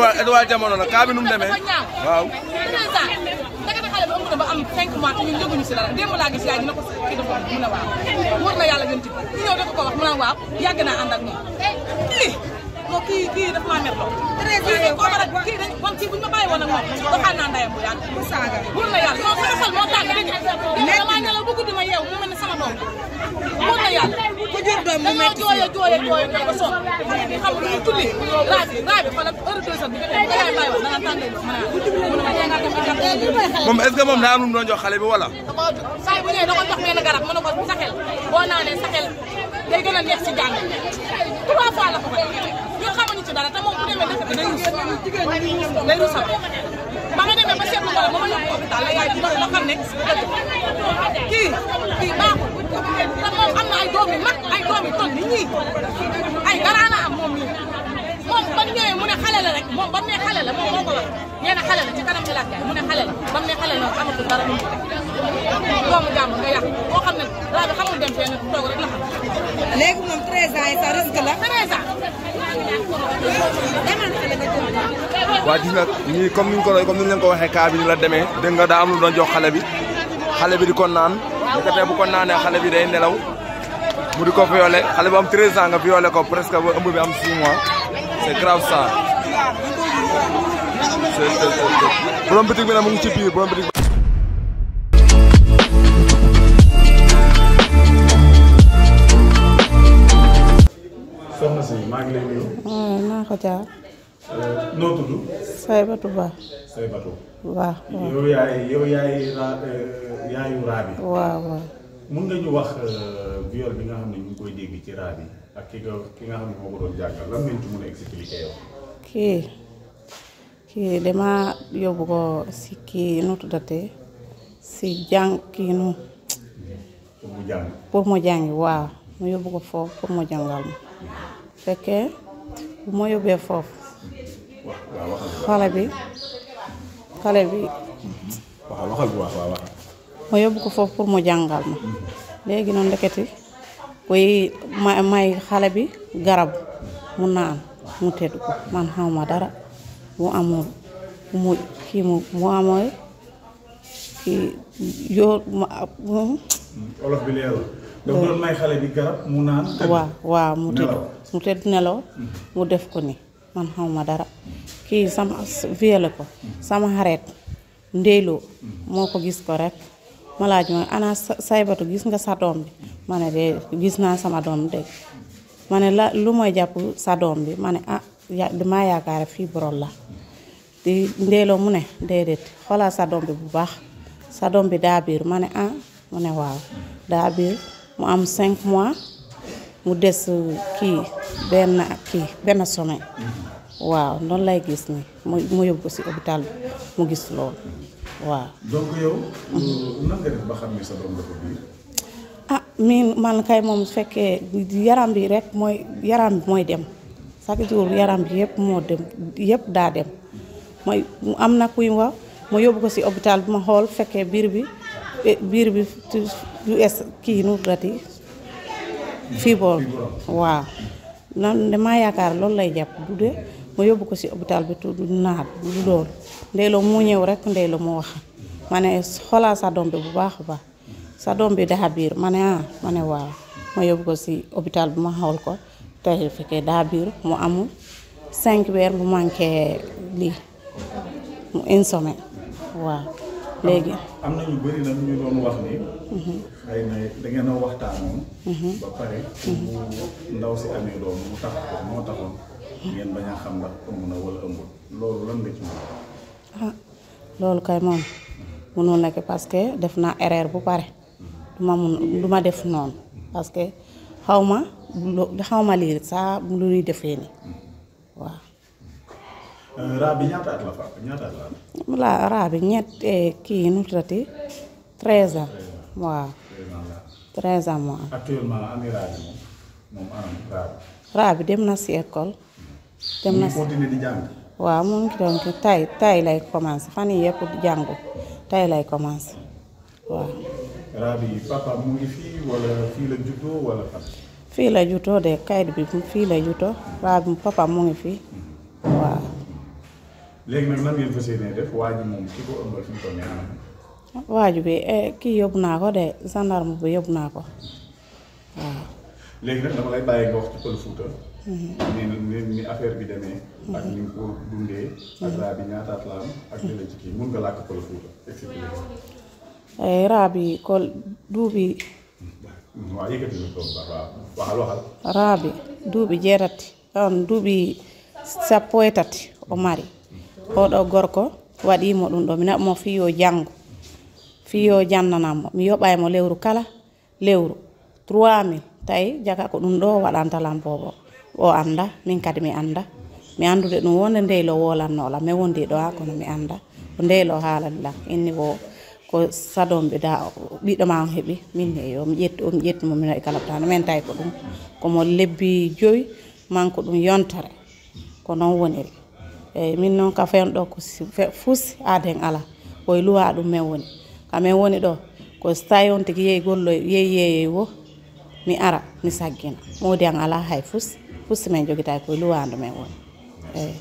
waaw waaw jamono la kaa bi nu mu demee waaw. ba am 5 mois te ñun yëguñu si dara laa gis yaay ñu ne ko kii dafa mu ne waaw wóor na yàlla gën ci ñu ñëw dafa ko wax mu ne waaw yàgg naa ànd ak moom kii moom kii kii daf maa mer lool kii koo mën a kii dañ moom kii buñu ma bàyyi woon ak moom doxaan naa ndayam bu yàgg wóor na yàlla moom sama xol moo tàng jooy mu métti jooy jooy jooy jooy ba sonn xale bi xam nga tulli raay bi raay bi xoolal heure deux heures bi nga xam ne yaay bàyyi wax naan tànn moom est-ce que moom daa am lu mu doon jox xale bi wala saa bu ñëwee da ko jox benn garab mën na ko saxel boo naanee saxel day gën a neex ci jàng trois fois la ko koy ñun xamuñu ci dara te moom bu demee dëkk bi day ruus day ruusam ba ma demee ba seetlu ko la ba ma yóbbu hôpital la yaay bi ndax la xam ne kii kii baaxul te moom am na ay doom yu ay doom yu ni ñii ay garaana am moom ñii moom ba mu mu ne xale rek moom ba ne xale la moom moo ko wax nee na xale la nga yàq boo xam ne laa bi dem fenn toog rek la xam. léegi moom 13 ans yi sa risque la. 13 ans. ñii comme ni ko comme ko waxee kaa ni la demee dégg nga daa am lu doon jox xale bi bi di ko naan. bu ko tee bu naanee xale bi day nelaw mu di ko violé xale bu am 13 ans nga violé ko presque ba ëmb bi am 6 mois c'est grave ça. borom bitig bi nag mu ngi ci biir borom bitig soxna si maa ngi lay nuyu. naa hmm, ko Eh, noo tudd. Saybatu Ba. Saybatu. waaw waaw yow yaay yow yaay ra eh, yaayu raa bi. waaw waaw. mun nga ñu wax eh, viol bi nga xam ne ñu ngi koy dégg ci raa bi ak ki nga ki nga xam si kii nu tuddatee si jàng kii nu. pour mu jàng. pour mu jàng waaw mu yóbbu ko foofu pour mu bu ma yóbbee foofu. xale bi xale bi ma yóbbu ko foofu pour mu jàngal ma léegi noonu ndeketi koy may xale bi garab mu naan mu tëdd ko man xamuma dara mu amul mu mu mu amooy kii yoo mm-hmm. olof mu naan waaw waaw mu tëdd mu tëdd nelaw mm-hmm. mu def ko ni man xaw ma dara kii sama vielle ko sama xareet ndeyloo moo ko gis ko rek ma laaj ma ana saybatu gis nga sa doom bi ma ne de gis naa sama doom de ma ne la lu mooy jàpp sa doom bi ma ne ah damaa fii borol la di ndeyloo mu ne déedéet xoolal sa doom bu baax sa doom bi daa biir ma ne ah mu ne waaw daa mu am 5 mois. mu des kii benn kii benn semaine waaw noonu lay gis ni mu mu yóbbu ko si hôpital bi mu gis lool waaw. donc yow. nan ah miin man kay moom fekkee yaram bi rek mooy yaram bi mooy dem chaque yaram bi yëpp moo dem yëpp daa dem mooy am na kuy wax ma yóbbu ko si hôpital bi ma xool fekkee biir bi eh, biir bi tu kii nu fiibroom waaw nan damaa yaakaar loolu lay jàpp du dee ma yóbbu ko si hôpital bi tudd naat du loolu ndeyloo moo ñëw rek ndeyloo moo wax ma ne xoolal sa doom bi bu baax ba sa doom bi daa biir ma ne ah ma ne waaw ma yóbbu ko si hôpital bi ma xool ko tey fekkee daa biir mu amul cinq weer mu manqué lii mu insomé waaw léegi am na ñu bëri nag ñu doon wax ni. xëy na da ngeen mhm. mhm. ndaw si amee doom mu tax ko moo taxoon. ngeen bañ a xam ndax ëmb ah, mhm. parce que def naa erreur bu pare. du ma mun du def noonu. parce que xaw ma xaw ma lii saa lu ñuy defee nii. Eh, raa bi ñaata at la fa ñaata at la am. raa bi ñett eh, kii nu mu tuddati ans. waaw treize ans moo actuellement ami rabi bi moom rabi anam dem na si école. dem na continuer di jàng. waaw mu ngi doon tay tay lay commencé fan yii yëpp jàngu tay lay commencé waaw. raa papa mu ngi fii wala fii la juddoo wala fan. la juddoo de kayit bi fii la juddoo raa papa mu ngi fii waaw. léegi nag nan ngeen fas yéenee def waa moom ki ko ëmbal fi mu toll nii waaju bi eh, kii yóbbu naa ko de gendarme bi yóbbu naa ko waaw. léegi nag dama lay bàyyi nga wax ci mhm. mhm. ko mhm. la Fuuta expliqué ko. duubi. waaw yëkkati na ko waaw waxal waxal. duubi jeetati duubi sappo e tati oɗo gorko waɗimo ɗum ɗo mi naɓmo fi yo janggo fi yo jannanammo mi yoɓaymo lewru kala lewru 3 mil tawi jaga ko ɗum ɗo waɗantalam bobo o anda min kadi mi anda mi andude ɗum wonde ndeylo wolannolam mi wondi ɗo ha kono mi anda ndeylo haalalilam inni wo ko sadonɓe da ɓiɗo ma heeɓi minne yo mi ƴetti omi ƴettimo mino e kalabtano min tawi ko ɗum komo lebbi joyi manko ɗum yontere ko noon woniri eyyi min noon ka fewno ɗo ko fuusi aaden ala koye luwa ɗum min woni kamin woni ɗo ko stayi on tigui yeeyi golloy yeeyi yeeyoy wo mi ara mi saggina modi an ala hay fuusi fuusi min joguita koye luwadu min woni eyyi